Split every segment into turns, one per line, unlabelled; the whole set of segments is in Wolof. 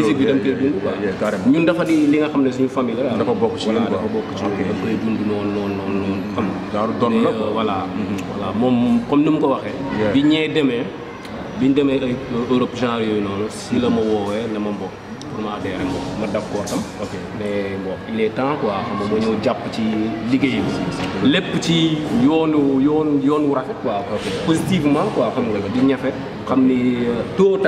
musique bi dañ koy dund quoi ñun dafa di li nga xam ne suñu famille dafa bokk ci ñun dafa bokk ci ñun dañ koy dund noonu moom comme ni mu ko waxee bi ñee demee bi ñu demee ay euh, Europe genre yooyu noonu si la ma woowee ne ma mbokk pour ma adhéré moom ma d'accord tam mais bon il est temps quoi xam nga ma ñëw jàpp ci liggéey bi lépp ci yoonu yoon yoon wu rafet quoi positivement quoi xam nga di ñafe xam ni euh, tôt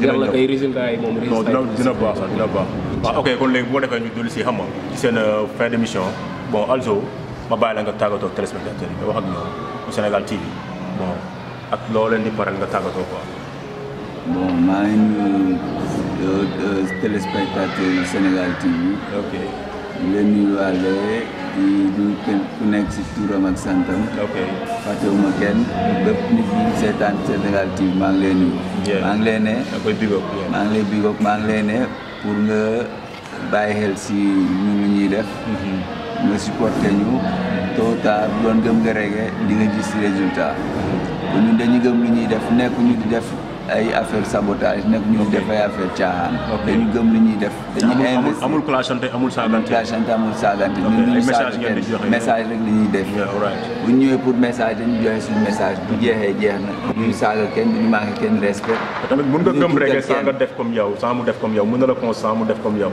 yàlla kay résultat yi moom
résultat non dina baax sax ah, dina baax waaw ok kon léegi bu ko defee ñu dul si xam nga seen euh, fin d'émission bon Alzo ma bàyyi la nga tàggatoo téléspectateurs yi nga wax ak ñoom bu Sénégal TV bon
ak loo di paral nga tàggatoo quoi bon maa ngi nuyu euh, euh, téléspectateurs Sénégal TV ok leen nuyuwaale di connect situ ramak santam okay pada umur kan bab ni di setan terdengar di mangle ni mangle ne apa itu bab mangle bibok mangle ne purna bay helsi mm-hmm. tota ni ni def ne support ke ñu to ta doon gëm di nga gis résultat ñu dañu gëm li def nekk ñu def ay affaire sabotage nag ñun def ay affaire caaxaan. dañu gëm li ñuy def. dañuy investir amul amul clashante amul saagante. clashante amul saagante. ñun ñu message rek li ñuy def. bu wee ñëwee pour message dañu joxe suñu message bu jeexee jeex na. Hmm. ñu saaga kenn du ñu kenn respect. tamit mun nga gëm rek saa nga def comme yow saa mu def
comme yow mun na la constat mu def comme yow.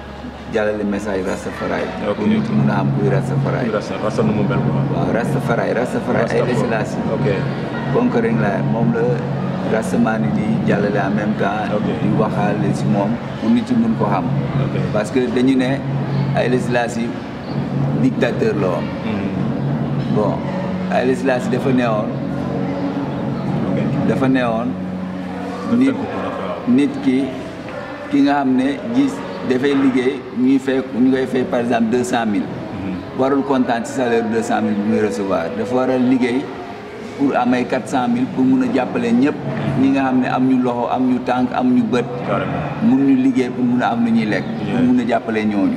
jàllale message Rastafari. ok mun a am kuy Rastafari. Rasta ay desilaasi. ok conquering la moom la Rastamani di jàllale en même temps. di waxaale si moom mu nit yi mun ko xam. parce que dañu ne ay desilaasi dictateur la woon. Hmm. bon ay desilaasi dafa neewoon. dafa neewoon. nit ki ki nga xam ne gis. de faire nous faire fait par exemple 200 000. Pour le content si faire 200 000 pour recevoir. De faire liguer pour amener 400 000 pour nous appeler nous avons nous amener amnu loho tank amnu bet. Nous nous liguer pour nous amener ni lek pour nous appeler nous.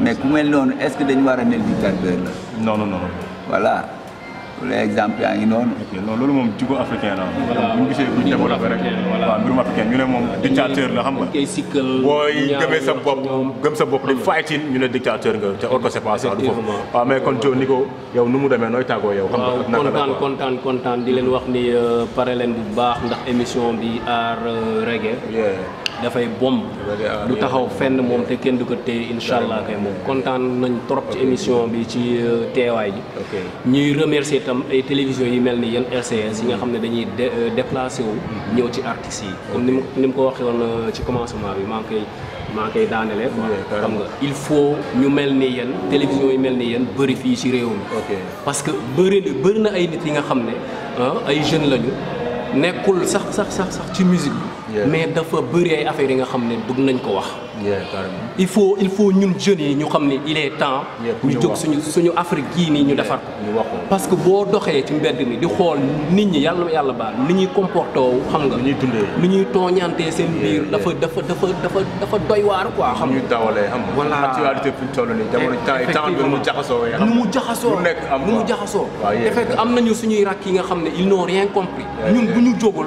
Mais comment est-ce que nous avons un éducateur? Non non non. Voilà. les exemples yaa ngi noonu. ok loolu moom jugo africain la waaw. ñu gisee bu ñu développé rek
waaw mbirum africain ñu ne moom dictateur la xam nga. booy gëmee sa bopp gëm sa bopp di fighting ñu ne dictateur nga
te or que c'est pas ça du foofu.
waaw mais kon Joe Nico yow nu mu demee nooy tàggoo yow. xam nga naka
kontaan kontaan di leen wax ni euh, pare leen bu baax ndax émission bi aar euh, reggae. dafay bomb du taxaw fenn moom te kenn du ko téye incha allah kay moom kontaan nañ trop ci émission bi ci euh, teewaay ji ñuy remercier tam ay télévision yi mel ni yéen LCS yi nga xam ne dañuy euh, déplacé wu mhm. ñëw ci artistes yi comme ni mu ni mu ko waxee woon euh, ci commencement bi maa ngi koy maa ngi koy daanelee nga il faut ñu mel ni yéen télévision yi mel ni yéen bëri fii ci réew mi parce que bëri bëri na ay nit yi nga xam ne ah, ay jeunes lañu nekkul sax sax sax sax ci musique bi mais dafa bëri ay yi nga xam ne bëgg nañ ko wax. il faut il faut ñun jeunes yi ñu xam ne il est temps. ñu jóg suñu suñu Afrique gii nii ñu defar ko. parce que boo doxee ci mbedd mi di xool nit ñi yàlla yàlla baal ni ñuy comporté wu xam nga. ni ñuy dundee ñuy tooñantee seen biir. dafa dafa dafa dafa dafa doy waar quoi. xam ñu dawalee xam nga. voilà actualité bi ñu toll nii jamono temps temps bi nu mu jaxasoo. nu mu jaxasoo lu am nu mu jaxasoo. te fekk am nañu suñuy rakk yi nga xam ne ils n'ont rien compris ñun bu ñu jógul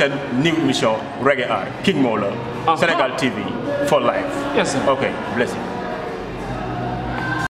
seen new émission Reggae Art King Molo ah, Sénégal ah. TV for life. yes sir ok blessing.